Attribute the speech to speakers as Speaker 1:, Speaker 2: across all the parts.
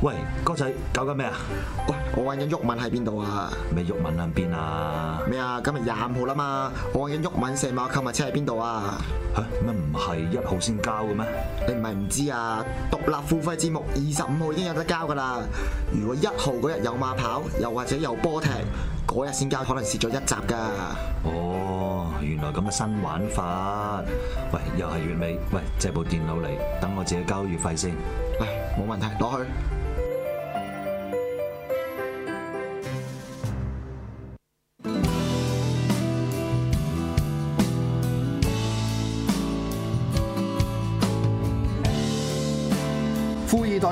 Speaker 1: 喂，哥仔搞緊咩啊？喂，
Speaker 2: 我揾緊玉文喺邊度啊？咩玉文喺邊啊？
Speaker 1: 咩啊？今日廿五號啦嘛，我揾緊玉文成碼購物車喺邊度啊？嚇、欸，咩唔係一號先交嘅咩？你
Speaker 2: 唔係唔知啊？獨立付費節目二十五號已經有得交噶啦。如果一號嗰日有馬跑，又或者有波踢，嗰日先交，可能蝕咗一集噶。哦，原來咁嘅新玩法。喂，又係月尾，喂，借部電腦嚟，等我自己交月費先。嚟，冇問題，攞去。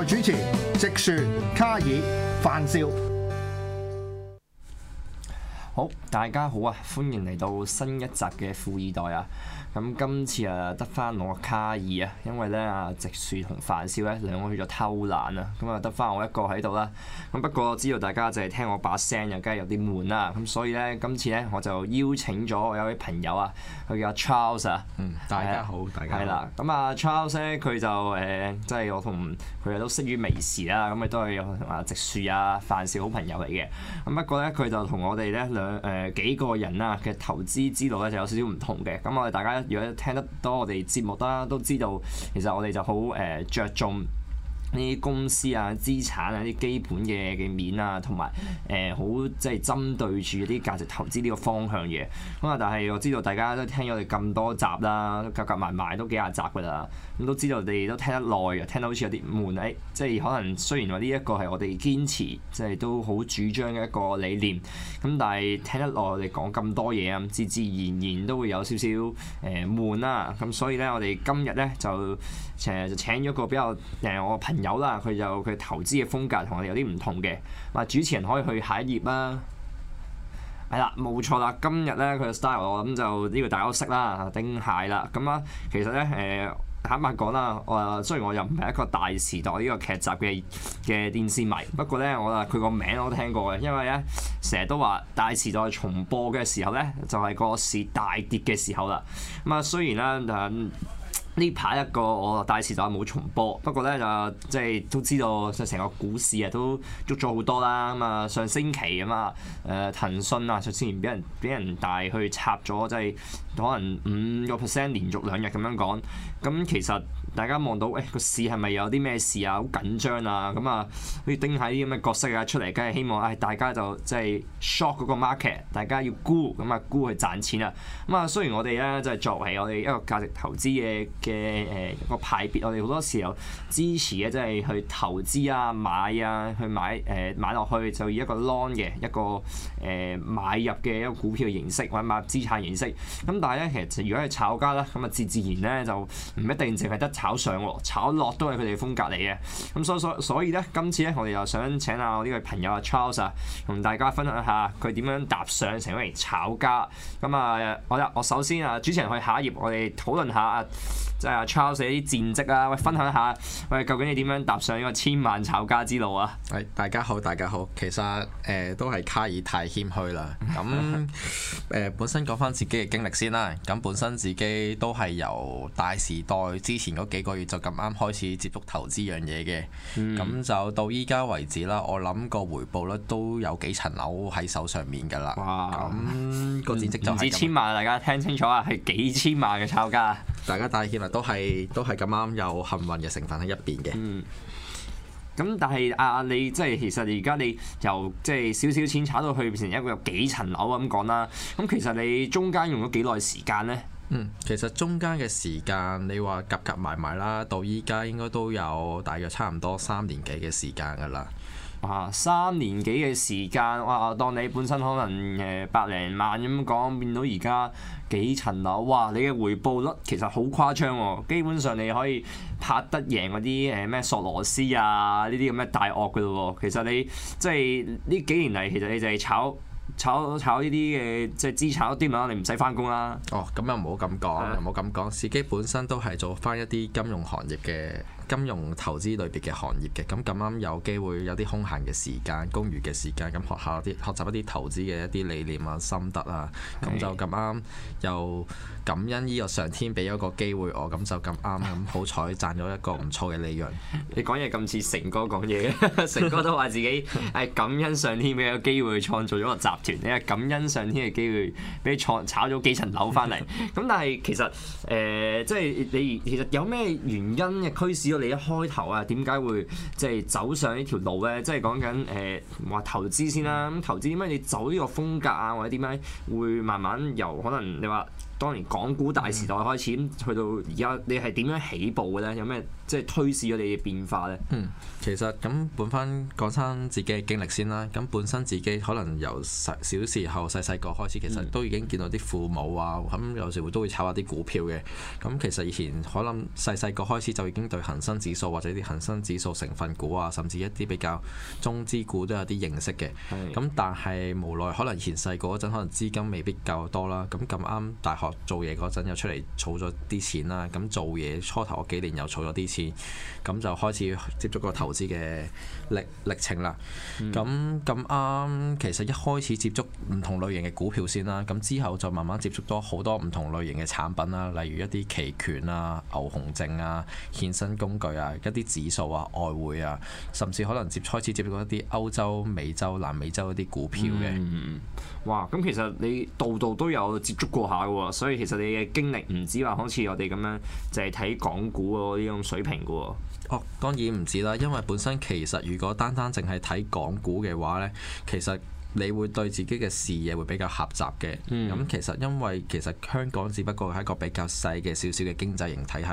Speaker 2: 主持：植船、卡爾、范少。
Speaker 1: 好，大家好啊！歡迎嚟到新一集嘅富易袋啊！咁今次啊，得翻我卡爾啊，因為咧啊，直樹同范少咧兩個喺度偷懶啊，咁啊得翻我一個喺度啦。咁不過我知道大家淨係聽我把聲，又梗係有啲悶啦。咁所以咧，今次咧我就邀請咗我有位朋友啊，佢叫阿 Charles 啊。嗯，大家好，呃、大家好。係啦了，咁啊 Charles 咧，佢就誒，即係我同佢哋都識於微時啦。咁佢都係同啊直樹啊范少好朋友嚟嘅。咁不過咧，佢就同我哋咧兩。誒誒、呃、幾個人啊嘅投資之路咧就有少少唔同嘅。咁、嗯、我哋大家如果聽得多我哋節目啦，都知道其實我哋就好誒、呃、著重。啲公司啊、資產啊、啲基本嘅嘅面啊，同埋誒好即係針對住啲價值投資呢個方向嘅。咁啊，但係我知道大家都聽咗你咁多集啦，夾夾埋埋都幾廿集㗎啦。咁都知道你都聽得耐啊，聽到好似有啲悶誒、哎，即係可能雖然話呢一個係我哋堅持，即係都好主張嘅一個理念。咁但係聽得耐，我哋講咁多嘢啊，自自然然都會有少少誒悶啦。咁、啊、所以咧，我哋今日咧就～就請咗個比較誒、呃、我朋友啦，佢就佢投資嘅風格同我哋有啲唔同嘅。話主持人可以去下一頁啦、啊。係啦，冇錯啦，今日咧佢嘅 style 我諗就呢個大家都識啦，丁蟹啦。咁、嗯、啊，其實咧誒、呃，坦白講啦，我雖然我又唔係一個《大時代》呢個劇集嘅嘅電視迷，不過咧我啊佢個名我都聽過嘅，因為咧成日都話《大時代》重播嘅時候咧就係、是、個市大跌嘅時候啦。咁、嗯、啊，雖然咧呢排一個我大時代冇重播，不過咧就、啊、即係都知道，就成個股市啊都捉咗好多啦。咁啊上星期咁啊，誒騰訊啊首先俾人俾人大去插咗，即係。可能五個 percent 連續兩日咁樣講，咁其實大家望到，誒、哎、個市係咪有啲咩事啊？好緊張啊！咁啊，好似盯下啲咁嘅角色啊出嚟，梗係希望，誒、哎、大家就即係 shock 嗰個 market，大家要沽，咁啊沽去賺錢啊！咁啊，雖然我哋咧即係作為我哋一個價值投資嘅嘅誒個派別，我哋好多時候支持嘅即係去投資啊、買啊、去買誒、呃、買落去，就以一個 loan 嘅一個誒、呃、買入嘅一個股票形式或者買入資產形式，咁。但係咧，其實如果係炒家啦，咁啊自自然咧就唔一定淨係得炒上喎，炒落都係佢哋風格嚟嘅。咁所以所所以咧，今次咧我哋又想請下我呢個朋友阿 Charles 啊，同大家分享下佢點樣踏上成為炒家。咁啊，我我首先啊主持人去下一頁，我哋討論下即係 Charles 啲戰績啊，喂分
Speaker 2: 享下，喂究竟你點樣踏上呢個千萬炒家之路啊？係、哎、大家好，大家好。其實誒、呃、都係卡爾太謙虛啦。咁誒、嗯、 本身講翻自己嘅經歷先啦。咁本身自己都係由大時代之前嗰幾個月就咁啱開始接觸投資樣嘢嘅，咁就、嗯、到依家為止啦。我諗個回報咧都有幾層樓喺手上面㗎啦。哇！咁個戰績就唔止千萬，大
Speaker 1: 家聽清楚啊，係幾千萬嘅炒家。大
Speaker 2: 家大結啊，都係都係咁啱有幸
Speaker 1: 運嘅成分喺一邊嘅。嗯。咁但係啊，你即係其實而家你由即係少少錢炒到去變成一個有幾層樓咁講啦。咁其實你中間用咗
Speaker 2: 幾耐時間呢？嗯，其實中間嘅時間，你話夾夾埋埋啦，到依家應該都有大約差唔多三年幾嘅時間㗎啦。哇，三年
Speaker 1: 幾嘅時間，哇，當你本身可能誒百零萬咁講，變到而家幾層樓，哇，你嘅回報率其實好誇張喎！哦！基本上你可以拍得贏嗰啲誒咩索羅斯啊呢啲咁嘅大鱷嘅咯喎！其實你即係呢幾年嚟，其實你就係炒炒炒呢啲嘅即係資產啲啦，你唔使返工
Speaker 2: 啦。哦，咁又唔好咁講，的又唔好咁講，自己本身都係做返一啲金融行業嘅。金融投資類別嘅行業嘅，咁咁啱有機會有啲空閒嘅時間，公餘嘅時間，咁學校啲學習一啲投資嘅一啲理念啊、心得啊，咁就咁啱又感恩呢個上天俾咗個機會我，咁就咁啱咁好彩賺咗一個唔錯嘅利潤， 你講嘢咁似成哥講嘢， 成哥都話自己係感
Speaker 1: 恩上天俾個機會創造咗個集團，你係感恩上天嘅機會俾你創炒咗幾層樓翻嚟。咁 但係其實，誒、呃，即係你其實有咩原因嘅驅使？你一開頭啊，點解會即係走上呢條路咧？即係講緊誒話投資先啦，啊。咁投資點解你走呢個風格啊？或者點解會慢慢由可能你話？當年港股大時代開始，嗯、去到而家，你係點樣起步嘅咧？有咩
Speaker 2: 即係推市咗你嘅變化咧？嗯，其實咁本返講返自己嘅經歷先啦。咁本身自己可能由細小時候細細個開始，其實都已經見到啲父母、嗯、啊，咁有時會都會炒下啲股票嘅。咁其實以前可能細細個開始就已經對恒生指數或者啲恒生指數成分股啊，甚至一啲比較中資股都有啲認識嘅。咁是但係無奈可能以前細個嗰陣可能資金未必夠多啦。咁咁啱大學。做嘢嗰陣又出嚟儲咗啲錢啦，咁做嘢初頭嗰幾年又儲咗啲錢，咁就開始接觸個投資嘅歷歷程啦。咁咁啱，其實一開始接觸唔同類型嘅股票先啦，咁之後就慢慢接觸咗好多唔同類型嘅產品啦，例如一啲期權啊、牛熊證啊、衍生工具啊、一啲指數啊、外匯啊，甚至可能接開始接觸到一啲歐洲、美洲、南美洲嗰啲股票嘅。嗯哇，咁其實你度度都有接觸過下喎。所以其實你嘅經歷唔止話好似我哋咁樣，淨係睇港股嗰啲咁水平㗎喎。哦，當然唔止啦，因為本身其實如果單單淨係睇港股嘅話呢，其實。你會對自己嘅視野會比較狹窄嘅，咁、嗯、其實因為其實香港只不過係一個比較細嘅少少嘅經濟型體系，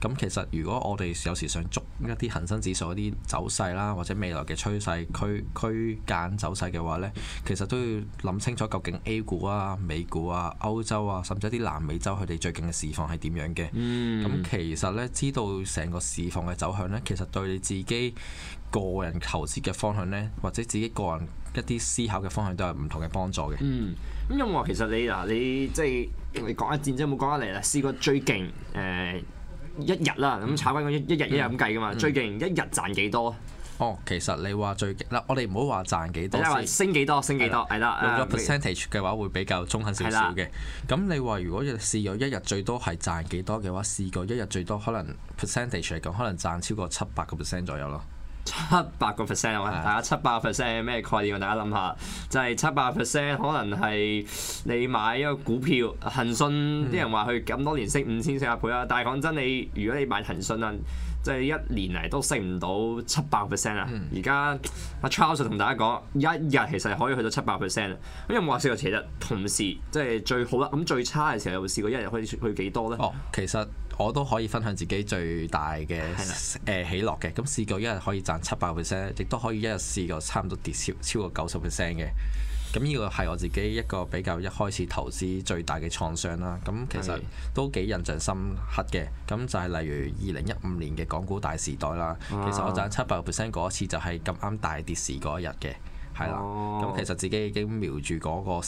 Speaker 2: 咁、嗯、其實如果我哋有時想捉一啲恒生指數一啲走勢啦，或者未來嘅趨勢區區間走勢嘅話呢，其實都要諗清楚究竟 A 股啊、美股啊、歐洲啊，甚至一啲南美洲佢哋最近嘅市況係點樣嘅，咁、嗯嗯、其實呢，知道成個市況嘅走向呢，其實對你自己。個人投資嘅方向咧，或者自己個人一啲思考嘅方向，都有唔同嘅幫助嘅、嗯。
Speaker 1: 嗯，咁因、嗯嗯、其實你嗱，你即係你講、就是、一戰，即係冇講得嚟啦。試過最勁誒、呃、一日啦，咁炒翻嗰一日一日咁計噶嘛，最
Speaker 2: 勁一日賺幾多、嗯嗯？哦，其實你話最勁嗱、啊，我哋唔好話賺幾多，即係升幾多升幾多係啦。用咗 percentage 嘅話，會比較中肯少少嘅。咁、uh，你話如果試咗一日最多係賺幾多嘅話，試過一日最多可能 percentage 嚟講，可能賺超過七百個 percent 左右咯。
Speaker 1: 七百個 percent 啊！大家七百個 percent 咩概念啊？大家諗下，就係七百 percent 可能係你買一個股票，騰訊啲人話佢咁多年升五千四百倍啦。但係講真，你如果你買騰訊啦，即係一年嚟都升唔到七百 percent 啊！而家阿、嗯、Charles 同大家講，一日其實可以去到七百 percent。咁有冇話試過其實同時即係最好啦？咁最差嘅時候有冇試過一日可以去幾多咧、
Speaker 2: 哦？其實。我都可以分享自己最大嘅誒喜樂嘅，咁試的過一日可以賺七百 percent，亦都可以一日試過差唔多跌超超過九十 percent 嘅。咁呢個係我自己一個比較一開始投資最大嘅創傷啦。咁其實都幾印象深刻嘅。咁就係例如二零一五年嘅港股大時代啦，其實我賺七百 percent 嗰一次就係咁啱大跌時嗰一日嘅，係啦。咁其實自己已經瞄住嗰個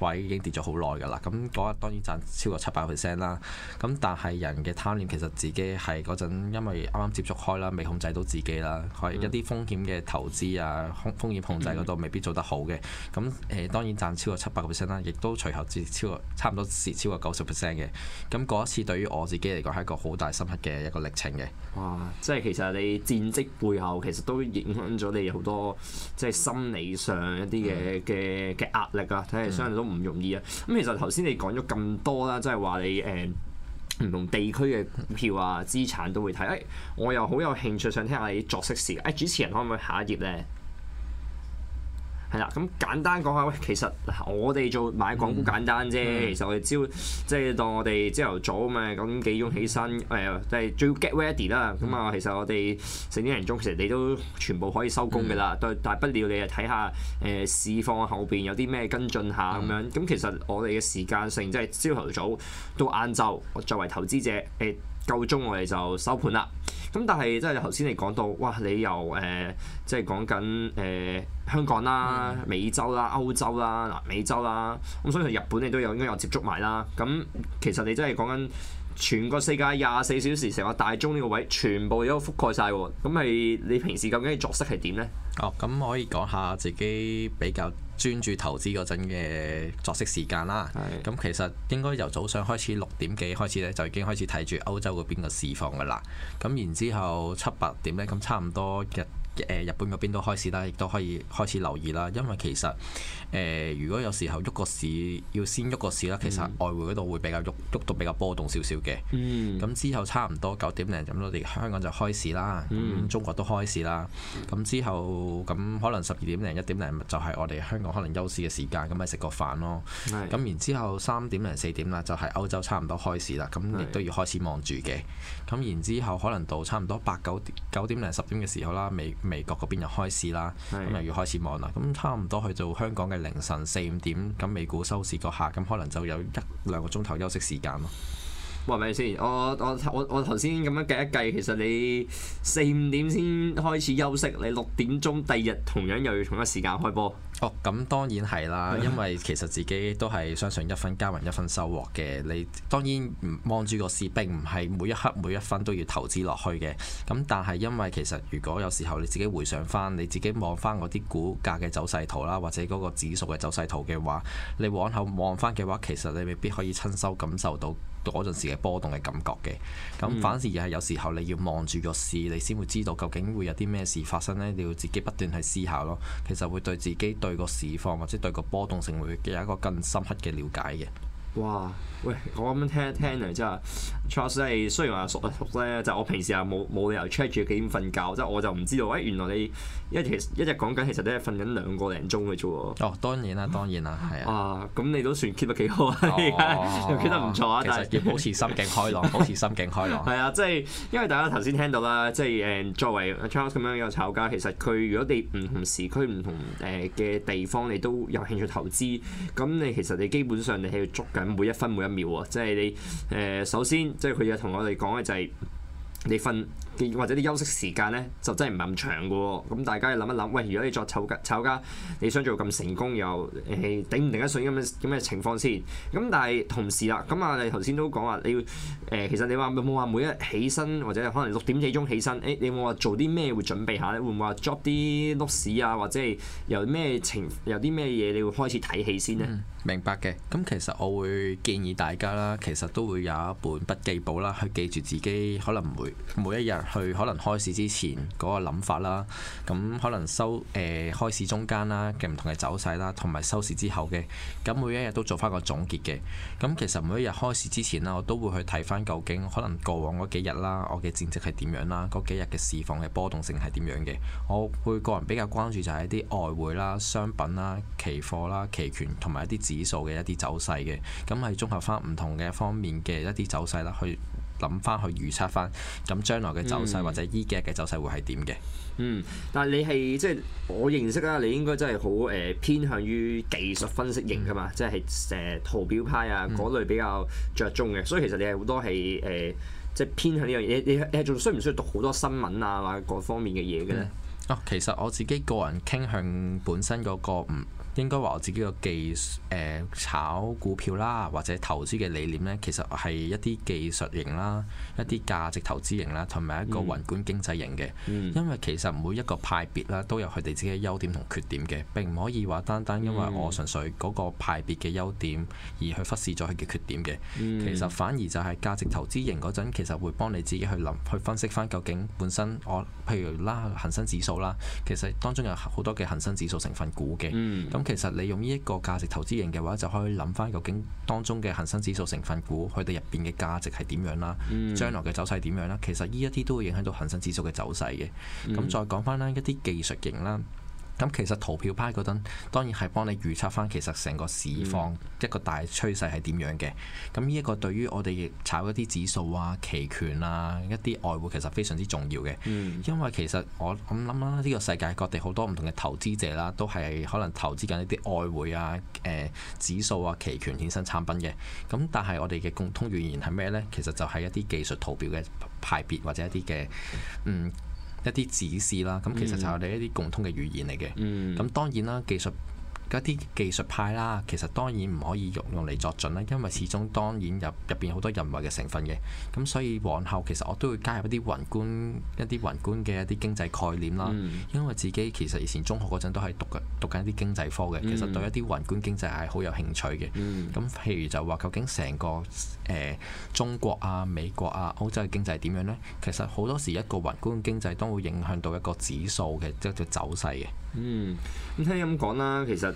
Speaker 2: 位已經跌咗好耐㗎啦，咁嗰日當然賺超過七百 percent 啦，咁但係人嘅貪念其實自己係嗰陣因為啱啱接觸開啦，未控制到自己啦，係一啲風險嘅投資啊，風風險控制嗰度未必做得好嘅，咁誒當然賺超過七百 percent 啦，亦都隨後至超過差唔多係超過九十 percent 嘅，咁嗰一次對於我自己嚟講係一個好大深刻嘅一個歷程嘅。哇，
Speaker 1: 即係其實你戰績背後其實都影響咗你好多，即係心理上一啲嘅嘅嘅壓力啊。真係都唔容易啊！咁其實頭先你講咗咁多啦，即係話你誒唔同地區嘅股票啊、資產都會睇，哎，我又好有興趣想聽下你作息時間，哎，主持人可唔可以下一頁咧？係啦，咁簡單講下喂，其實我哋做買港股簡單啫。嗯、其實我哋朝即係當我哋朝頭早啊嘛，咁幾點起身誒？即係最要 get ready 啦。咁啊、嗯，其實我哋成啲人中，其實你都全部可以收工㗎啦。都大、嗯、不了你啊睇下誒市況後邊有啲咩跟進下咁、嗯、樣。咁其實我哋嘅時間性即係朝頭早到晏晝，作為投資者誒。呃夠鐘，我哋就收盤啦。咁但係即係頭先你講到，哇！你又誒、呃、即係講緊誒香港啦、美洲啦、歐洲啦、嗱美洲啦，咁、嗯、所以日本你都有應該有接觸埋啦。咁、嗯、其實你真係講緊全個世界廿四小時成個大鐘呢個位，全
Speaker 2: 部都覆蓋晒喎。咁係你平時究竟嘅作息係點呢？哦，咁可以講下自己比較。專注投資嗰陣嘅作息時間啦，咁是其實應該由早上開始六點幾開始咧，就已經開始睇住歐洲嗰邊嘅市況噶啦，咁然之後七八點咧，咁差唔多日日本嗰邊都開市啦，亦都可以開始留意啦，因為其實誒、呃，如果有時候喐個市，要先喐個市啦，其實外匯嗰度會比較喐，喐到比較波動少少嘅。咁、嗯、之後差唔多九點零咁我哋香港就開市啦。嗯、中國都開市啦。咁之後，咁可能十二點零一點零就係我哋香港可能休市嘅時間，咁咪食個飯咯。咁是的 然之後三點零四點啦，就係歐洲差唔多開市啦，咁亦都要開始望住嘅。咁然之後可能到差唔多八九點九點零十點嘅時候啦，美美國嗰邊又開始啦，咁是的 又要開始望啦，咁差唔多去到香港嘅凌晨四五點，咁美股收市嗰下，咁可能就有一兩個鐘頭休息時間咯。
Speaker 1: 係咪先？我我我我頭先咁樣計一計，其實你
Speaker 2: 四五點先開始休息，你六點鐘第二日同樣又要同一時間開波。哦，咁當然係啦，因為其實自己都係相信一分耕耘一分收穫嘅。你當然望住個市並唔係每一刻每一分都要投資落去嘅。咁但係，因為其實如果有時候你自己回想翻，你自己望翻嗰啲股價嘅走勢圖啦，或者嗰個指數嘅走勢圖嘅話，你往後望翻嘅話，其實你未必可以親手感受到嗰陣時嘅波動嘅感覺嘅。咁反而係有時候你要望住個市，你先會知道究竟會有啲咩事發生咧。你要自己不斷去思考咯。其實會對自己對。對個市況或者對個波動性會有一個更深刻嘅了解嘅。
Speaker 1: 喂，我咁樣聽聽嚟，即係 Charles 咧，雖然話熟唔熟咧，就是、我平時又冇冇理由 check 住幾點瞓覺，即、就、係、是、我就唔知道。喂，原來你一其一日講緊，其實都係瞓緊兩個零鐘嘅啫喎。哦，當然啦，當然啦，係啊。咁你都算 keep 得幾好啊？而家 keep 得唔錯啊，但係要保持心境開朗， 保持心境開朗。係啊， 即、就、係、是、因為大家頭先聽到啦，即係誒作為 Charles 咁樣一個炒家，其實佢如果你唔同時區、唔同誒嘅地方，你都有興趣投資，咁你其實你基本上你係要捉緊每一分每一分每一分。即係你誒、呃，首先即係佢就同我哋講嘅就係你瞓。或者啲休息時間咧，就真係唔係咁長嘅喎。咁大家要諗一諗，喂，如果你作炒家，炒家你想做咁成功又，又、呃、係頂唔頂得順咁嘅咁嘅情況先？咁但係同時啦，咁啊，你頭先都講話你會誒，其實你話有冇話每一起身或者可能六點幾鐘起身，誒、欸，你冇話做啲咩會準備下咧？會唔會話 drop 啲碌屎 t 啊，或者係有咩情有啲咩嘢，你會開始睇戲先呢？嗯、
Speaker 2: 明白嘅。咁其實我會建議大家啦，其實都會有一本筆記簿啦，去記住自己可能唔會每每一日。去可能開市之前嗰個諗法啦，咁可能收誒、呃、開市中間啦，嘅唔同嘅走勢啦，同埋收市之後嘅，咁每一日都做翻個總結嘅。咁其實每一日開市之前啦，我都會去睇翻究竟可能過往嗰幾日啦，我嘅戰績係點樣啦，嗰幾日嘅市況嘅波動性係點樣嘅。我會個人比較關注就係一啲外匯啦、商品啦、期貨啦、期權同埋一啲指數嘅一啲走勢嘅，咁係綜合翻唔同嘅方面嘅一啲走勢啦，去，諗翻去預測翻咁將來嘅走勢，嗯、或者依幾日嘅走勢會係點嘅？嗯，
Speaker 1: 但係你係即係我認識啦，你應該真係好誒偏向於技術分析型㗎嘛，嗯、即係誒、呃、圖表派啊嗰、嗯、類比較着重嘅，所以其實你係好多係誒即係偏向呢樣嘢。你你你仲需唔需要讀好
Speaker 2: 多新聞啊？或各方面嘅嘢嘅咧？哦，其實我自己個人傾向本身嗰、那個唔。應該話我自己個技術、呃、炒股票啦，或者投資嘅理念咧，其實係一啲技術型啦，一啲價值投資型啦，同埋一個宏觀經濟型嘅。嗯、因為其實每一個派別咧，都有佢哋自己嘅優點同缺點嘅，並唔可以話單單因為我純粹嗰個派別嘅優點而去忽視咗佢嘅缺點嘅。嗯、其實反而就係價值投資型嗰陣，其實會幫你自己去諗去分析翻究竟本身我譬如啦恒生指數啦，其實當中有好多嘅恒生指數成分股嘅。咁、嗯其實你用呢一個價值投資型嘅話，就可以諗翻究竟當中嘅恒生指數成分股佢哋入邊嘅價值係點樣啦，將來嘅走勢點樣啦。其實呢一啲都會影響到恒生指數嘅走勢嘅。咁再講翻啦，一啲技術型啦。咁其實圖表派嗰種當然係幫你預測返其實成個市況一個大趨勢係點樣嘅。咁呢一個對於我哋炒一啲指數啊、期權啊、一啲外匯其實非常之重要嘅。嗯、因為其實我咁諗啦，呢個世界各地好多唔同嘅投資者啦，都係可能投資緊一啲外匯啊、誒、呃、指數啊、期權衍生產品嘅。咁但係我哋嘅共通語言係咩呢？其實就係一啲技術圖表嘅派別或者一啲嘅嗯。一啲指示啦，咁其實就係我哋一啲共通嘅語言嚟嘅。咁、mm. 當然啦，技術一啲技術派啦，其實當然唔可以用用嚟作準啦，因為始終當然入入面好多人為嘅成分嘅。咁所以往後其實我都會加入一啲宏觀一啲宏觀嘅一啲經濟概念啦。Mm. 因為自己其實以前中學嗰陣都係讀緊讀緊一啲經濟科嘅，其實對一啲宏觀經濟係好有興趣嘅。咁、mm. 譬如就話究竟成個。呃、中國啊、美國啊、歐洲嘅經濟點樣呢？其實好多時一個宏觀經濟都會影響到一個指數嘅即係走勢嘅。嗯，咁聽
Speaker 1: 咁講啦，其實。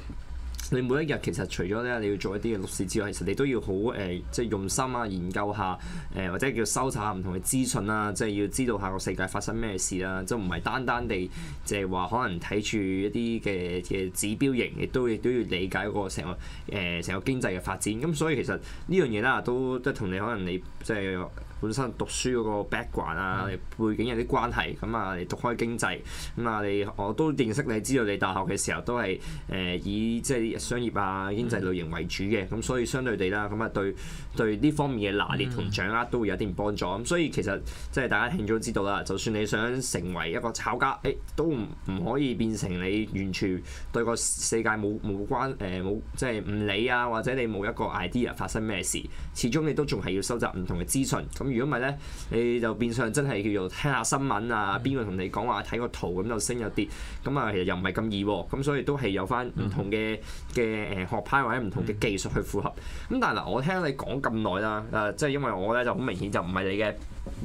Speaker 1: 你每一日其實除咗咧你要做一啲嘅錄事之外，其實你都要好誒、呃，即係用心啊，研究下誒、呃，或者叫搜查下唔同嘅資訊啦，即係要知道下個世界發生咩事啦，就唔係單單地即係話可能睇住一啲嘅嘅指標型，亦都亦都要理解個成個誒成、呃、個經濟嘅發展。咁所以其實呢樣嘢啦，都即係同你可能你即係。本身讀書嗰個 background 啊，背景有啲、嗯、關係，咁啊，你讀開經濟，咁啊，你我都認識，你，知道你大學嘅時候都係誒以、呃、即係商業啊、經濟類型為主嘅，咁、嗯、所以相對地啦，咁啊對對呢方面嘅拿捏同掌握都會有啲幫助。咁所以其實即係大家聽咗都知道啦，就算你想成為一個炒家，誒、欸，都唔唔可以變成你完全對個世界冇冇關誒冇、呃、即係唔理啊，或者你冇一個 idea 發生咩事，始終你都仲係要收集唔同嘅資訊。咁、嗯。如果唔係咧，你就變相真係叫做聽下新聞啊，邊個同你講話睇個圖咁就升咗啲。咁啊其實又唔係咁易喎、啊，咁所以都係有翻唔同嘅嘅誒學派或者唔同嘅技術去符合。咁但係嗱，我聽你講咁耐啦，誒、啊、即係因為我咧就好明顯就唔係你嘅，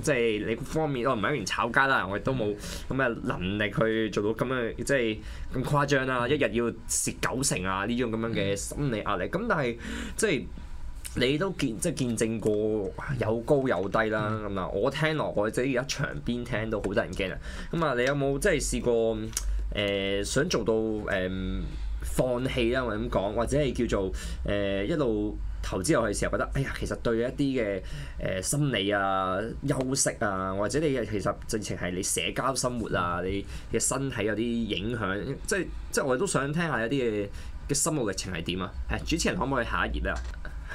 Speaker 1: 即、就、係、是、你方面我唔係一名炒家啦，我亦都冇咁嘅能力去做到咁樣，即係咁誇張啦，一日要蝕九成啊呢種咁樣嘅心理壓力。咁但係即係。你都見即係見證過有高有低啦，咁啊、嗯嗯！我聽落或者而家場邊聽都好得人驚啊！咁、嗯、啊，你有冇即係試過誒、呃、想做到誒、呃、放棄啦？或者咁講，或者係叫做誒、呃、一路投資落去時候，覺得哎呀，其實對一啲嘅誒心理啊、休息啊，或者你其實盡情係你社交生活啊，你嘅身體有啲影響。即係即係我哋都想聽一下一啲嘅嘅心路歷程係點啊？係、哎、主持人，可唔可以下一頁咧、啊？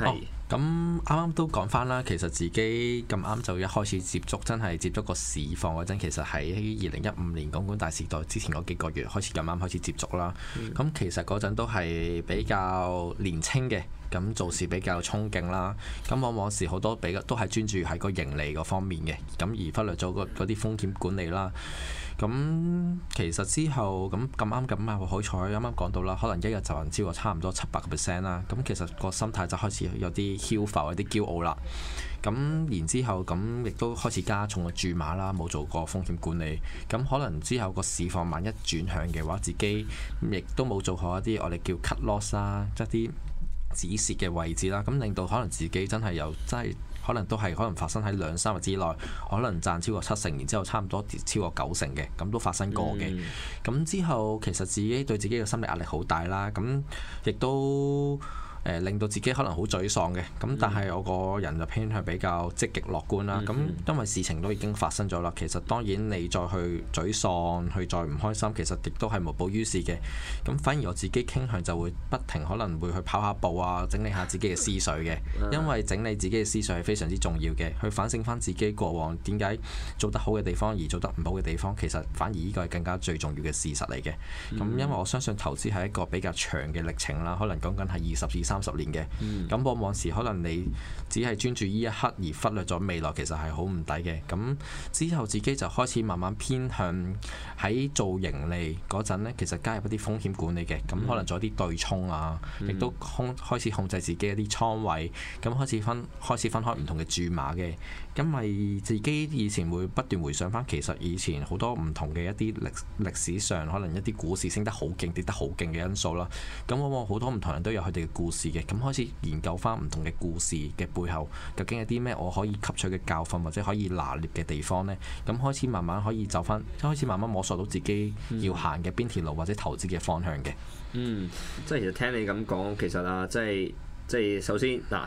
Speaker 2: 哦，咁啱啱都講翻啦，其實自己咁啱就一開始接觸，真係接觸個市況嗰陣，其實喺二零一五年港股大時代之前嗰幾個月開始咁啱開始接觸啦。咁其實嗰陣都係比較年青嘅，咁做事比較衝勁啦。咁往往是好多比較都係專注喺個盈利嗰方面嘅，咁而忽略咗嗰啲風險管理啦。咁、嗯、其實之後咁咁啱咁啊好彩啱啱講到啦，可能一日就賺超過差唔多七百個 percent 啦。咁、嗯、其實個心態就開始有啲囂浮有啲驕傲啦。咁、嗯、然之後咁亦、嗯、都開始加重個注碼啦，冇做過風險管理。咁、嗯、可能之後個市況萬一轉向嘅話，自己亦都冇做好一啲我哋叫 cut loss 啦，即係啲止蝕嘅位置啦。咁、嗯、令到可能自己真係有真係。真可能都係可能發生喺兩三日之內，可能賺超過七成，然之後差唔多超過九成嘅，咁都發生過嘅。咁、嗯、之後其實自己對自己嘅心理壓力好大啦，咁亦都。誒令到自己可能好沮喪嘅，咁但係我個人就偏向比較積極樂觀啦。咁因為事情都已經發生咗啦，其實當然你再去沮喪，再去再唔開心，其實亦都係無補於事嘅。咁反而我自己傾向就會不停可能會去跑下步啊，整理下自己嘅思緒嘅。因為整理自己嘅思緒係非常之重要嘅，去反省翻自己過往點解做得好嘅地方，而做得唔好嘅地方，其實反而呢個係更加最重要嘅事實嚟嘅。咁因為我相信投資係一個比較長嘅歷程啦，可能講緊係二十、二三十年嘅，咁往往時可能你只係專注呢一刻而忽略咗未來。其實係好唔抵嘅。咁之後自己就開始慢慢偏向。喺做盈利嗰陣咧，其實加入一啲風險管理嘅，咁可能做一啲對沖啊，mm hmm. 亦都控，開始控制自己一啲倉位，咁開，開始分開始分開唔同嘅注碼嘅，咁咪自己以前會不斷回想翻，其實以前好多唔同嘅一啲歷歷史上，可能一啲股市升得好勁跌得好勁嘅因素啦，咁往往好多唔同人都有佢哋嘅故事嘅，咁開始研究翻唔同嘅故事嘅背後究竟有啲咩我可以吸取嘅教訓或者可以拿捏嘅地方咧，咁開始慢慢可以走翻，一開始慢慢摸。受到自己要行嘅邊條路或者投資嘅方向嘅，
Speaker 1: 嗯，即係其實聽你咁講，其實啊，即係即係首先嗱，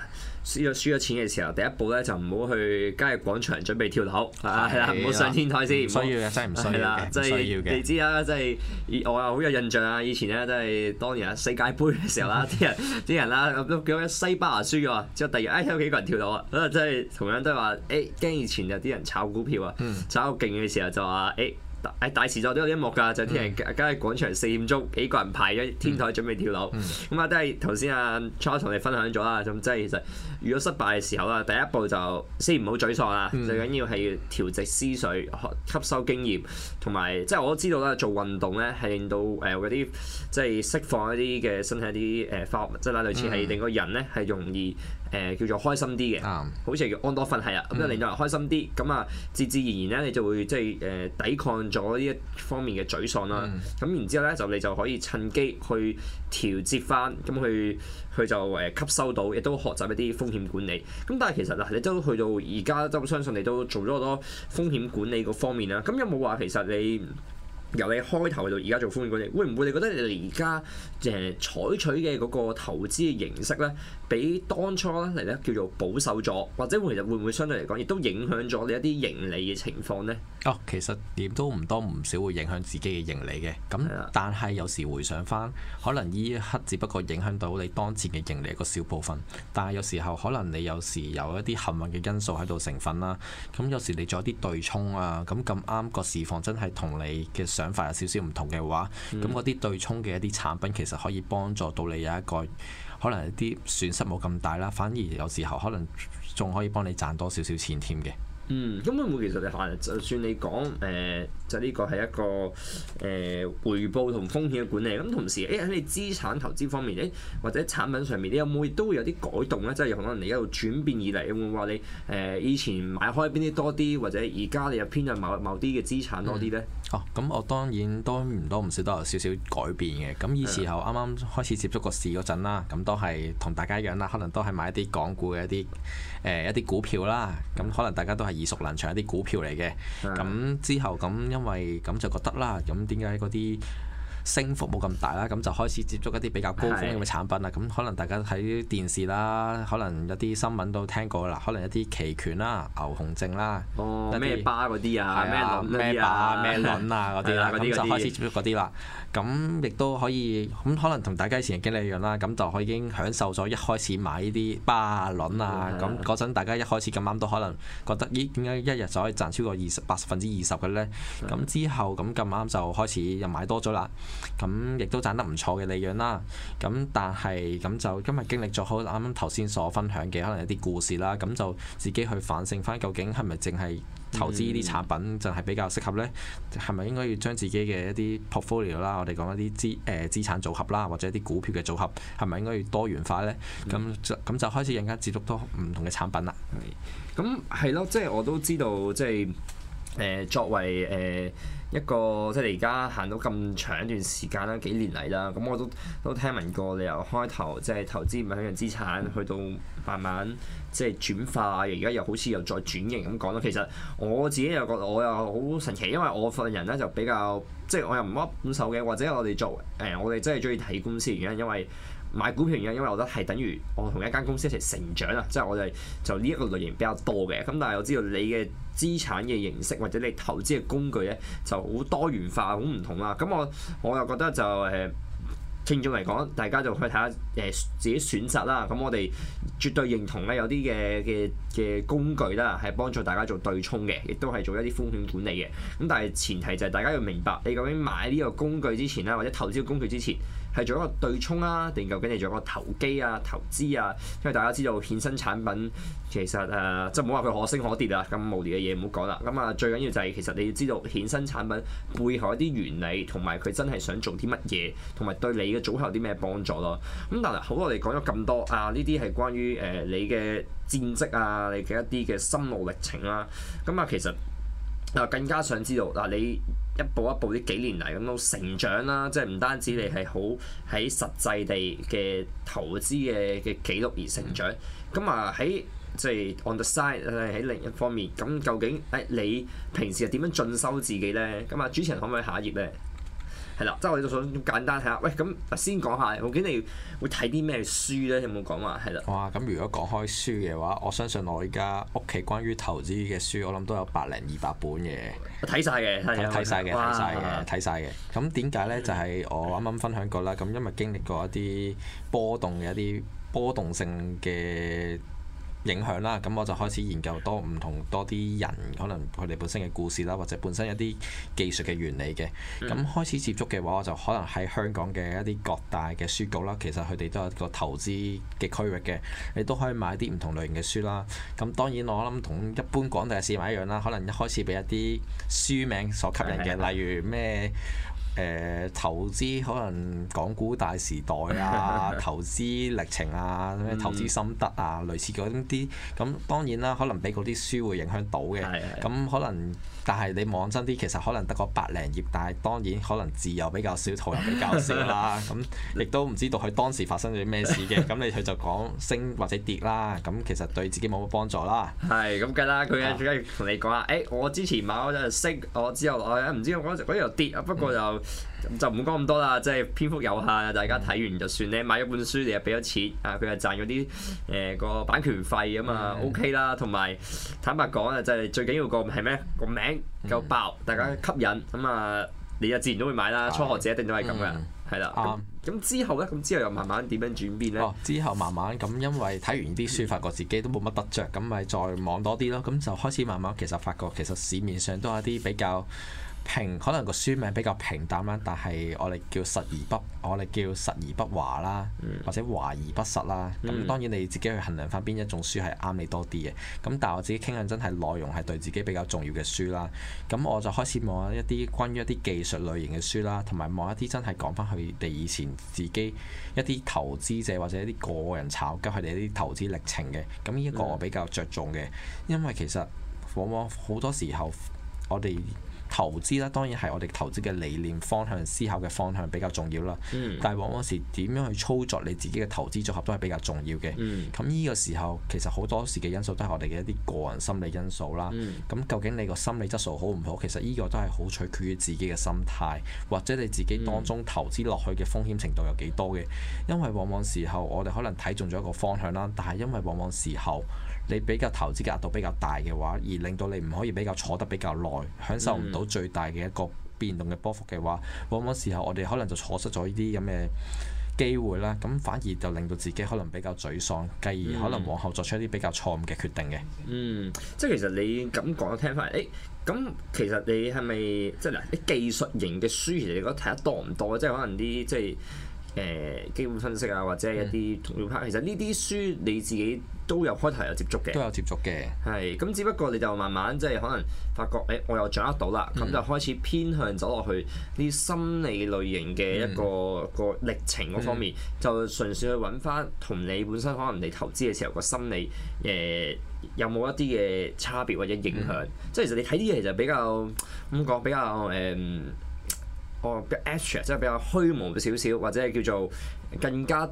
Speaker 1: 輸咗輸咗錢嘅時候，第一步咧就唔好去交易廣場準備跳樓，係啦的，唔好、啊、上天台先，唔要需要啊，真係唔需要嘅，即要、就是、你知啦，即、就、係、是、我啊好有印象啊，以前咧即係當年啊世界杯嘅時候啦，啲、嗯、人啲人啦，都叫西班牙輸咗，之後第二日哎有幾個人跳樓啊，咁啊即係同樣都係話誒，驚、欸、以前有啲人炒股票啊，炒到勁嘅時候就話誒。欸欸大誒大時代都有一幕㗎，就係、天人今日廣場四點鐘幾個人排咗天台準備跳樓，咁啊都係頭先 Charles 同你分享咗啦，咁即係其實如果失敗嘅時候啦，第一步就先唔好沮喪啦，最緊要係要調節思緒，吸收經驗，同埋即係我都知道啦，做運動咧係令到誒嗰啲即係釋放一啲嘅身體啲誒化學物即係啦，類似係令個人咧係容易。誒、呃、叫做開心啲嘅，啊、好似叫安多芬係啊，咁就令到人開心啲，咁啊，自自然然咧你就會即係誒抵抗咗呢一方面嘅沮喪啦。咁、嗯、然之後咧就你就可以趁機去調節翻，咁去佢就誒吸收到，亦都學習一啲風險管理。咁但係其實嗱，你都去到而家都相信你都做咗好多風險管理嗰方面啦。咁有冇話其實你？由你開頭到而家做寬迎嗰啲，會唔會你覺得你哋而家誒採取嘅嗰個投資嘅形式咧，比當初咧嚟咧叫做保
Speaker 2: 守咗，或者其實會唔會相對嚟講亦都影響咗你一啲盈利嘅情況呢？哦，其實點都唔多唔少會影響自己嘅盈利嘅。咁的但係有時回想翻，可能呢一刻只不過影響到你當前嘅盈利一個小部分，但係有時候可能你有時有一啲幸運嘅因素喺度成分啦，咁有時你做一啲對沖啊，咁咁啱個市況真係同你嘅。想法有少少唔同嘅話，咁嗰啲對沖嘅一啲產品，其實可以幫助到你有一個可能啲損失冇咁大啦。反而有時候可能仲可以幫你賺多少少錢添嘅。
Speaker 1: 嗯，咁會唔會其實你行就算你講誒、呃，就呢個係一個誒、呃、回報同風險嘅管理。咁同時誒喺、欸、你資產投資方面，誒或者產品上面，你有冇都會有啲改動咧？即、就、係、是、可能你一路轉變以嚟，會唔會話你誒、呃、以前買開邊啲多啲，或者而家你又偏向某某啲嘅資
Speaker 2: 產多啲咧？嗯哦，咁我當然都唔多唔少都有少少改變嘅。咁以時候啱啱開始接觸個市嗰陣啦，咁都係同大家一樣啦，可能都係買一啲港股嘅一啲誒、呃、一啲股票啦。咁可能大家都係耳熟能詳一啲股票嚟嘅。咁之後咁因為咁就覺得啦，咁點解嗰啲？升幅冇咁大啦，咁就開始接觸一啲比較高風險嘅產品啦。咁是的 可能大家喺電視啦，可能有啲新聞都聽過啦。可能一啲期權啦、牛熊證啦、咩、哦、些巴
Speaker 1: 嗰啲啊、咩巴咩輪啊嗰啲啦，咁就開始接
Speaker 2: 觸嗰啲啦。咁亦都可以咁可能同大家以前嘅經歷一樣啦。咁就可已經享受咗一開始買呢啲巴啊、輪啊。咁嗰陣大家一開始咁啱都可能覺得咦，點解一日就可以賺超過二十百分之二十嘅咧？咁之後咁咁啱就開始又買多咗啦。咁亦都賺得唔錯嘅利潤啦，咁但係咁就今日經歷咗好啱啱頭先所分享嘅可能一啲故事啦，咁就自己去反省翻，究竟係咪淨係投資呢啲產品就係比較適合呢？係咪、嗯、應該要將自己嘅一啲 portfolio 啦，我哋講一啲資誒資產組合啦，或者啲股票嘅組合，係咪應該要多元化呢？咁就咁就開始更加接觸多唔同嘅產品啦。
Speaker 1: 咁係咯，即係我都知道，即係。誒作為誒一個即係你而家行到咁長一段時間啦，幾年嚟啦，咁我都都聽聞過你由開頭即係、就是、投資唔係私人資產，去到慢慢即係轉化，而家又好似又再轉型咁講咯。其實我自己又覺得我又好神奇，因為我份人咧就比較即係我又唔乜保守嘅，或者我哋做誒、呃、我哋真係中意睇公司原因，因為。買股票嘅，因為我覺得係等於我同一間公司一齊成長啦，即係我哋就呢一個類型比較多嘅。咁但係我知道你嘅資產嘅形式或者你投資嘅工具咧，就好多元化、好唔同啦。咁我我又覺得就誒，聽眾嚟講，大家就去睇下誒自己選擇啦。咁我哋絕對認同咧，有啲嘅嘅嘅工具啦，係幫助大家做對沖嘅，亦都係做一啲風險管理嘅。咁但係前提就係大家要明白，你究竟買呢個工具之前啦，或者投資工具之前。係做一個對沖啊，定究竟係做一個投機啊、投資啊？因為大家知道衍生產品其實誒，即係唔好話佢可升可跌啦，咁無聊嘅嘢唔好講啦。咁、嗯、啊，最緊要就係其實你要知道衍生產品背後一啲原理，同埋佢真係想做啲乜嘢，同埋對你嘅組合有啲咩幫助咯。咁、嗯、但係好我哋講咗咁多啊，呢啲係關於誒、呃、你嘅戰績啊，你嘅一啲嘅心路歷程啦、啊。咁、嗯、啊，其實啊更加想知道嗱、啊、你。一步一步呢幾年嚟咁樣成長啦，即係唔單止你係好喺實際地嘅投資嘅嘅記錄而成長，咁啊喺即係 on the side 喺另一方面，咁究竟誒你平時係點樣進修自己咧？咁啊主持人可唔可以下一頁咧？係啦，即係我哋就想簡單睇下，喂咁先講
Speaker 2: 下，究竟你會睇啲咩書咧？有冇講話係啦？哇！咁如果講開書嘅話，我相信我而家屋企關於投資嘅書，我諗都有百零二百本嘅。睇晒嘅，
Speaker 1: 睇晒嘅，睇晒嘅，睇
Speaker 2: 晒嘅。咁點解咧？就係我啱啱分享過啦。咁的因為經歷過一啲波動嘅一啲波動性嘅。影響啦，咁我就開始研究多唔同多啲人，可能佢哋本身嘅故事啦，或者本身一啲技術嘅原理嘅，咁、嗯、開始接觸嘅話，我就可能喺香港嘅一啲各大嘅書局啦，其實佢哋都有一個投資嘅區域嘅，你都可以買一啲唔同類型嘅書啦。咁當然我諗同一般廣大嘅市民一樣啦，可能一開始俾一啲書名所吸引嘅，嗯、例如咩？誒、呃、投資可能講古大時代啊，投資歷程啊，咩投資心得啊，嗯、類似嗰啲咁，當然啦，可能俾嗰啲書會影響到嘅。咁是的 可能，但係你望真啲，其實可能得個百零頁，但係當然可能字又比較少，圖又比較少啦。咁亦都唔知道佢當時發生咗咩事嘅。咁 你佢就講升或者跌啦。咁其實對自己冇乜幫助啦。係咁梗啦，佢嘅最緊要同你講啊，誒的、欸、我之前買咗就升，我之
Speaker 1: 後我唔知我嗰嗰度跌啊，不過又～、嗯就唔講咁多啦，即係篇幅有限，大家睇完就算咧。買一本書，你又俾咗錢，啊，佢又賺咗啲誒個版權費咁啊、mm.，OK 啦。同埋坦白講啊，就係最緊要個係咩？個名夠爆，mm. 大家
Speaker 2: 吸引咁啊，你就自然都會買啦。Mm. 初學者一定都係咁嘅，係、mm. 啦。咁、um, 之後呢？咁之後又慢慢點樣轉變呢？哦、之後慢慢咁，因為睇完啲書，發覺自己都冇乜得着。咁咪再望多啲咯。咁就開始慢慢其實發覺，其實市面上都有一啲比較。平可能個書名比較平淡啦，但係我哋叫實而不我哋叫實而不華啦，或者華而不實啦。咁當然你自己去衡量翻邊一種書係啱你多啲嘅。咁但係我自己傾緊真係內容係對自己比較重要嘅書啦。咁我就開始望一啲關於一啲技術類型嘅書啦，同埋望一啲真係講翻佢哋以前自己一啲投資者，或者一啲個人炒家佢哋一啲投資歷程嘅。咁呢一個我比較着重嘅，因為其實往往好多時候我哋。投資啦，當然係我哋投資嘅理念、方向、思考嘅方向比較重要啦。嗯、但係往往時點樣去操作你自己嘅投資組合都係比較重要嘅。咁呢、嗯、個時候其實好多時嘅因素都係我哋嘅一啲個人心理因素啦。咁、嗯、究竟你個心理質素好唔好？其實呢個都係好取決於自己嘅心態，或者你自己當中投資落去嘅風險程度有幾多嘅。因為往往時候我哋可能睇中咗一個方向啦，但係因為往往時候你比較投資嘅額度比較大嘅話，而令到你唔可以比較坐得比較耐，享受唔到、嗯。最大嘅一個變動嘅波幅嘅話，往往時候我哋可能就錯失咗呢啲咁嘅機會啦，咁反而就令到自己可能比較沮喪，繼而可能往後作出一啲比較錯誤嘅決定嘅。嗯，
Speaker 1: 即係其實你咁講聽翻，誒，咁其實你係咪即係嗱啲技術型嘅書，其實你覺得睇得多唔多？即係可能啲即係。誒、呃、基本分析啊，或者一啲股票，其實呢啲書你自己都有開頭有接觸嘅，都有接觸嘅。係，咁只不過你就慢慢即係可能發覺誒、欸，我又掌握到啦，咁、嗯、就開始偏向走落去呢心理類型嘅一個、嗯、一個歷程嗰方面，嗯、就純粹去揾翻同你本身可能你投資嘅時候個心理誒、呃、有冇一啲嘅差別或者影響，即係、嗯嗯、其實你睇啲嘢就比較咁講比較誒。哦，比較 abstract 即係比較虛無少少，或者係叫做更加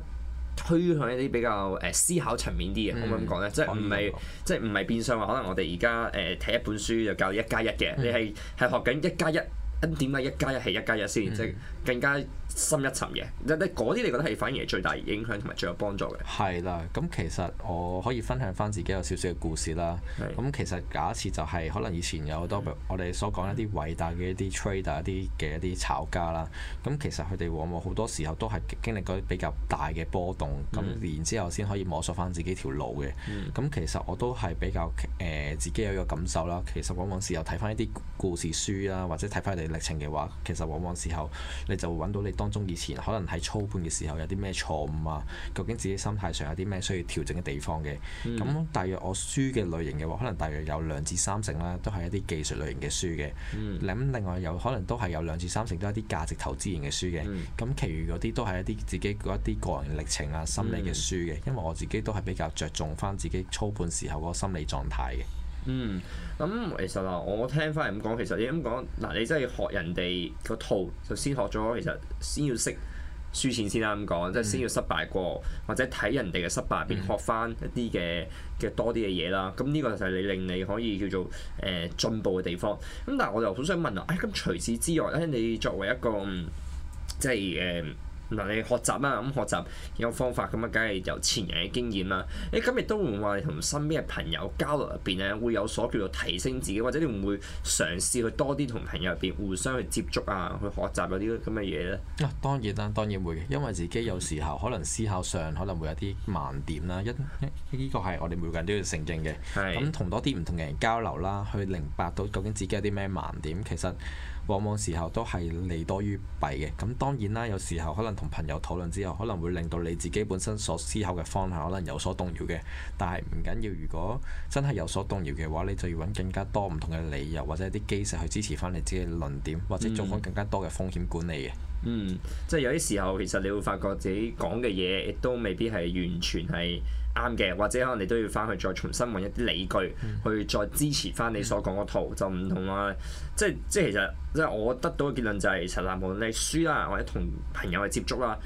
Speaker 1: 推向一啲比較誒、呃、思考層面啲嘅，可唔可以咁講咧？呢即係唔係即係唔係變相話，可能我哋而家誒睇一本書就教一加一嘅，嗯、你係係學緊一加一。咁點解一加一係一加一先？即係更加深一層嘅，即嗰啲你覺得
Speaker 2: 係反而係最大影響同埋最有幫助嘅。係啦，咁其實我可以分享翻自己有少少嘅故事啦。咁是的 其實假設就係、是、可能以前有好多我哋所講一啲偉大嘅一啲 trader 一啲嘅一啲炒家啦。咁其實佢哋往往好多時候都係經歷過比較大嘅波動，咁、嗯、然之後先可以摸索翻自己條路嘅。咁、嗯、其實我都係比較誒、呃、自己有一個感受啦。其實往往時候睇翻一啲故事書啦，或者睇翻你，歷程嘅話，其實往往時候你就會揾到你當中以前可能喺操盤嘅時候有啲咩錯誤啊，究竟自己心態上有啲咩需要調整嘅地方嘅。咁、mm. 大約我輸嘅類型嘅話，可能大約有兩至三成啦，都係一啲技術類型嘅輸嘅。咁、mm. 另外有可能都係有兩至三成都係一啲價值投資型嘅輸嘅。咁，mm. 其餘嗰啲都係一啲自己嗰一啲個人歷程啊、心理嘅輸嘅。因為我自己都係比較着重翻自己操盤時候個心理狀態嘅。
Speaker 1: 嗯，咁、嗯、其實啊，我聽翻嚟咁講，其實你咁講，嗱，你真係學人哋個套，就先學咗，其實先要識輸錢先啦。咁講、嗯，即係先要失敗過，或者睇人哋嘅失敗，邊學翻一啲嘅嘅多啲嘅嘢啦。咁、嗯、呢、嗯、個就係你令你可以叫做誒、呃、進步嘅地方。咁但係我就好想問啊，誒、哎、咁除此之外咧，你作為一個即係誒？呃嗱，你學習啦，咁學習有方法咁啊，梗係有前人嘅經驗啦。誒、欸，咁亦都會話同身邊嘅朋友交流入邊咧，會有所叫做提升自己，或者你會唔會嘗試去多啲同朋友入邊
Speaker 2: 互相去接觸啊，去學習嗰啲咁嘅嘢咧？啊，當然啦，當然會，因為自己有時候可能思考上可能會有啲盲點啦，一依個係我哋每個人都要承認嘅。咁是同多啲唔同嘅人交流啦，去明白到究竟自己有啲咩盲點，其實～往往時候都係利多於弊嘅，咁當然啦。有時候可能同朋友討論之後，可能會令到你自己本身所思考嘅方向可能有所動搖嘅，但係唔緊要。如果真係有所動搖嘅話，你就要揾更加多唔同嘅理由或者一啲基石去支持翻你自己嘅論點，或者做翻更加多嘅風險管理嘅。嗯，嗯，
Speaker 1: 即係有啲時候，其實你會發覺自己講嘅嘢亦都未必係完全係。啱嘅，或者可能你都要翻去再重新揾一啲理據、嗯、去再支持翻你所講個圖，嗯、就唔同話、啊、即係即係其實即係我得到嘅結論就係、是，實在無論你輸啦、啊、或者同朋友去接觸啦、啊，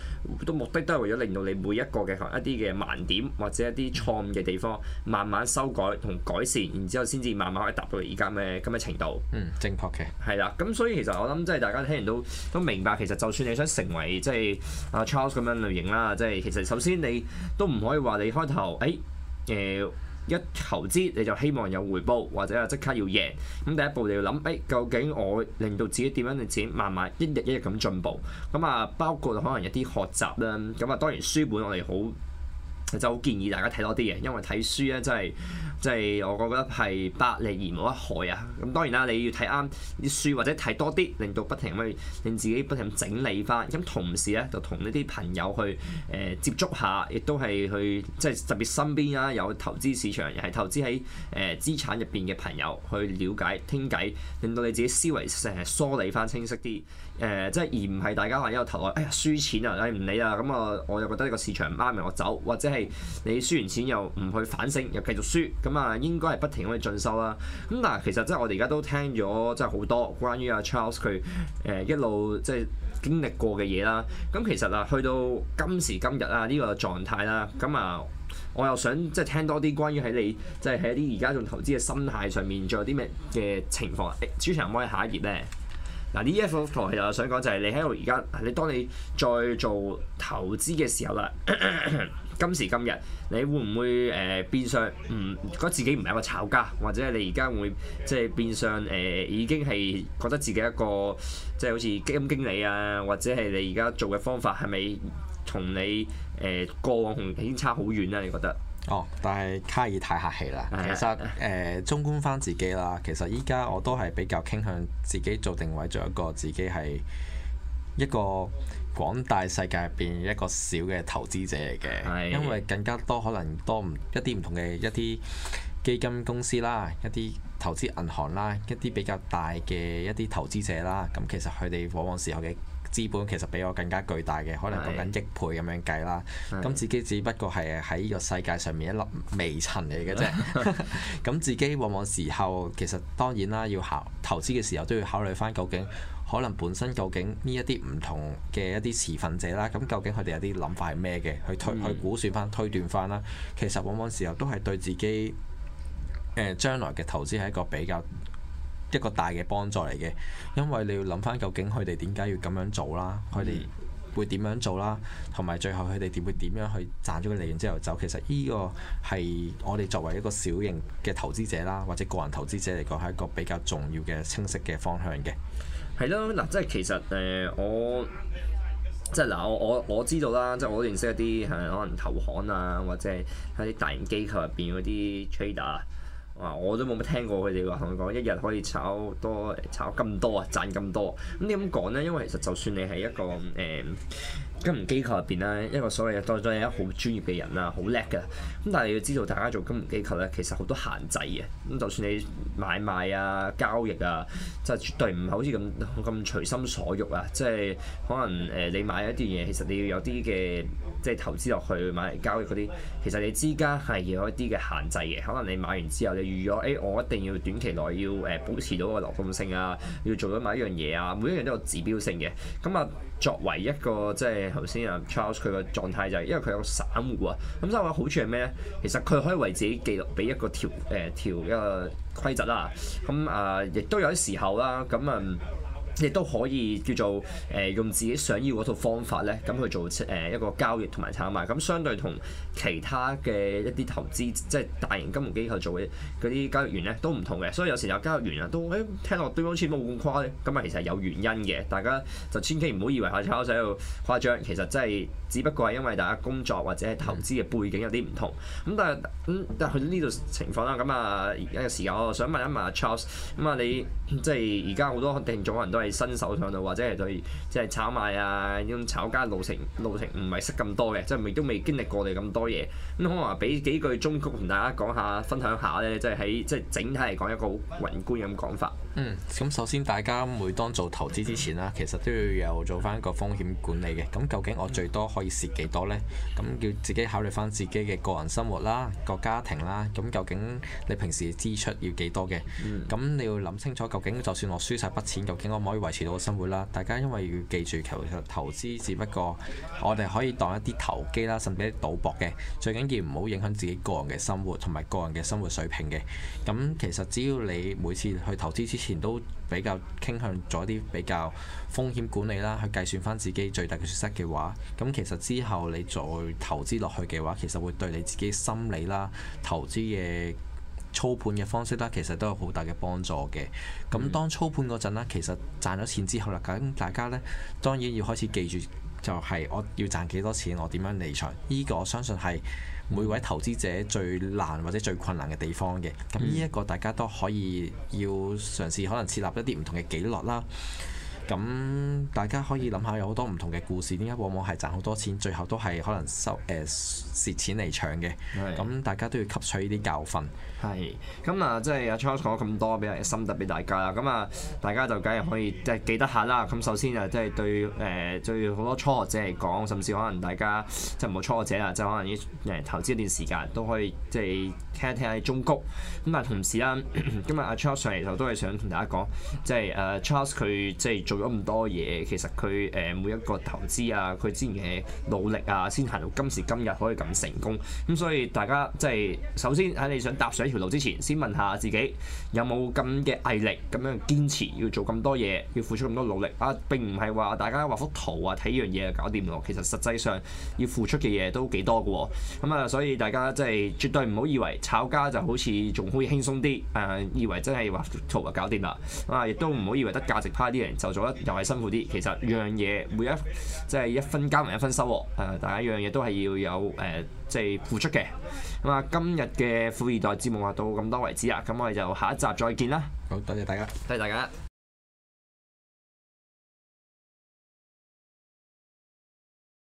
Speaker 1: 都目的都係為咗令到你每一個嘅一啲嘅盲點或者一啲錯誤嘅地方慢慢修改同改善，然之後先至慢慢可以達到而家咩咁嘅程度。嗯，正確嘅。係啦，咁所以其實我諗即係大家聽完都都明白，其實就算你想成為即係阿、啊、Charles 咁樣類型啦，即係其實首先你都唔可以話你開頭。就誒、哦欸呃、一投資你就希望有回報，或者啊即刻要贏。咁第一步你要諗誒、欸，究竟我令到自己點樣嘅錢慢慢一日一日咁進步。咁啊，包括可能一啲學習啦。咁啊，當然書本我哋好就好建議大家睇多啲嘢，因為睇書咧真係。即係我覺得係百利而無一害啊！咁當然啦，你要睇啱啲書或者睇多啲，令到不停去令自己不停整理翻。咁同時咧，就同呢啲朋友去誒、呃、接觸下，亦都係去即係特別身邊啊有投資市場，又係投資喺誒、呃、資產入邊嘅朋友去了解、傾偈，令到你自己思維成日梳理翻清晰啲。誒、呃，即係而唔係大家話一個投，來，哎呀輸錢啊，唉、哎、唔理啦。咁啊，我又覺得呢個市場唔啱，咪我走。或者係你輸完錢又唔去反省，又繼續輸。咁啊，應該係不停咁去進修啦。咁但係，其實即係我哋而家都聽咗，即係好多關於阿 Charles 佢誒一路即係經歷過嘅嘢啦。咁其實啊，去到今時今日啊，呢個狀態啦，咁啊，我又想即係聽多啲關於喺你即係喺啲而家仲投資嘅心態上面，仲有啲咩嘅情況啊？誒，朱長下一頁咧，嗱呢一幅圖又想講就係你喺度而家，你當你再做投資嘅時候啦。 今時今日，你會唔會誒變相唔覺得自己唔係一個炒家，或者你而家會即係變相誒、呃、已經係覺得自己一個即係好似基金經理啊，或者係你而家做嘅方法係咪同你誒、呃、過往已經
Speaker 2: 差好遠啊？你覺得？哦，但係卡爾太客氣啦。其實誒，綜、呃、觀翻自己啦，其實依家我都係比較傾向自己做定位做一個自己係一個。廣大世界入邊一個小嘅投資者嚟嘅，是因為更加多可能多唔一啲唔同嘅一啲基金公司啦，一啲投資銀行啦，一啲比較大嘅一啲投資者啦，咁其實佢哋往往時候嘅資本其實比我更加巨大嘅，可能講緊億倍咁樣計啦，咁是自己只不過係喺呢個世界上面一粒微塵嚟嘅啫，咁 自己往往時候其實當然啦，要考投資嘅時候都要考慮翻究竟。可能本身究竟呢一啲唔同嘅一啲持份者啦，咁究竟佢哋有啲諗法係咩嘅？去推去估算翻、推斷翻啦。其實往往時候都係對自己誒將、呃、來嘅投資係一個比較一個大嘅幫助嚟嘅，因為你要諗翻究竟佢哋點解要咁樣做啦？佢哋、嗯、會點樣做啦？同埋最後佢哋點會點樣去賺咗個利潤之後走？其實呢個係我哋作為一個小型嘅投資者啦，或者個人投資者嚟講，係一個比較重要嘅清晰嘅方向嘅。係咯，嗱，即係其實誒，我即係嗱，我我我知道啦，即係
Speaker 1: 我認識一啲係可能投行啊，或者係一啲大型機構入邊嗰啲 trader。啊！我都冇乜聽過佢哋話同佢講，一日可以炒多炒咁多啊，賺咁多。咁你咁講呢？因為其實就算你係一個誒、呃、金融機構入邊呢，一個所謂當當然係好專業嘅人啦，好叻㗎。咁但係要知道，大家做金融機構呢，其實好多限制嘅。咁就算你買賣啊、交易啊，即係絕對唔係好似咁咁隨心所欲啊。即、就、係、是、可能誒、呃，你買一啲嘢，其實你要有啲嘅。即係投資落去買嚟交易嗰啲，其實你之間係有一啲嘅限制嘅。可能你買完之後，你預咗 A，、哎、我一定要短期內要誒、呃、保持到個流動性啊，要做到某一樣嘢啊，每一樣都有指標性嘅。咁、嗯、啊，作為一個即係頭先啊 Charles 佢個狀態就係、是，因為佢有散戶啊。咁散戶嘅好處係咩咧？其實佢可以為自己記錄俾一個條誒、呃、條一個規則啦。咁啊，亦、嗯呃、都有啲時候啦。咁啊。嗯亦都可以叫做誒、呃、用自己想要嗰套方法咧，咁、嗯、去做誒、呃、一個交易同埋炒賣。咁、嗯、相對同其他嘅一啲投資，即係大型金融機構做嘅嗰啲交易員咧，都唔同嘅。所以有時有交易員啊，都誒、欸、聽落對好似冇咁誇咧。咁、嗯、啊，其實係有原因嘅。大家就千祈唔好以為我炒手喺度誇張，其實真係只不過係因為大家工作或者係投資嘅背景有啲唔同。咁、嗯、但係，咁、嗯、但係去到呢度情況啦。咁啊而家嘅時間，我想問一問阿 Charles、嗯。咁啊，你即係而家好多定種人都係。新手上路或者係對，即係、就是、炒賣啊呢種炒家路程，路程唔係識咁多嘅，即係未都未經歷過你咁多嘢，咁可能話俾幾句忠告同大家講下分享下
Speaker 2: 咧，即係喺即係整體嚟講一個好宏觀咁講法。嗯，咁首先大家每當做投資之前啦，其實都要有做翻一個風險管理嘅。咁究竟我最多可以蝕幾多咧？咁要自己考慮翻自己嘅個人生活啦，個家庭啦。咁究竟你平時支出要幾多嘅？咁、嗯、你要諗清楚，究竟就算我輸晒筆錢，究竟可唔可以維持到個生活啦？大家因為要記住，其實投資只不過我哋可以當一啲投機啦，甚至一啲賭博嘅。最緊要唔好影響自己個人嘅生活同埋個人嘅生活水平嘅。咁其實只要你每次去投資之，以前都比較傾向咗啲比較風險管理啦，去計算翻自己最大嘅損失嘅話，咁其實之後你再投資落去嘅話，其實會對你自己心理啦、投資嘅操盤嘅方式啦，其實都有好大嘅幫助嘅。咁當操盤嗰陣啦，其實賺咗錢之後啦，咁大家呢，當然要開始記住，就係我要賺幾多錢，我點樣離場？呢個我相信係每位投資者最難或者最困難嘅地方嘅，咁呢一個大家都可以要嘗試可能設立一啲唔同嘅紀律啦。咁大家可以諗下有好多唔同嘅故事，點解往往係賺好多錢，最後都係可能收誒蝕錢嚟搶嘅。咁是的 大家都要吸取呢啲教訓，係
Speaker 1: 咁啊，即係阿 Charles 講咁多，俾啲心得俾大家啦。咁啊，大家就梗係可以即係記得下啦。咁首先啊，即係對誒、呃、對好多初學者嚟講，甚至可能大家即係唔好初學者啊，即係可能啲誒投資一段時間都可以即係聽一聽一下忠告。咁啊，同時啦，今日阿、啊、Charles 上嚟就都係想同大家講，即係誒、啊、Charles 佢即係做。咗咁多嘢，其實，佢誒每一個投資啊，佢之前嘅努力啊，先行到今時今日可以咁成功。咁所以大家即係首先喺你想踏上一條路之前，先問下自己有冇咁嘅毅力咁樣堅持要做咁多嘢，要付出咁多努力啊。並唔係話大家畫幅圖啊，睇樣嘢就搞掂咯。其實實際上要付出嘅嘢都幾多嘅喎。咁啊，所以大家即係絕對唔好以為炒家就好似仲可以輕鬆啲，誒、啊、以為真係畫圖啊搞掂啦。啊，亦都唔好以為得價值派啲人就咗。又係辛苦啲，其實樣嘢每一即係、就是、一分耕耘一分收穫，誒、啊，大家樣嘢都係要有誒，即、呃、係、就是、付出嘅。咁啊，今日嘅富易袋節目啊，到
Speaker 2: 咁多為止啦，咁我哋就下一集再見啦。好多謝多謝大家，多謝大家。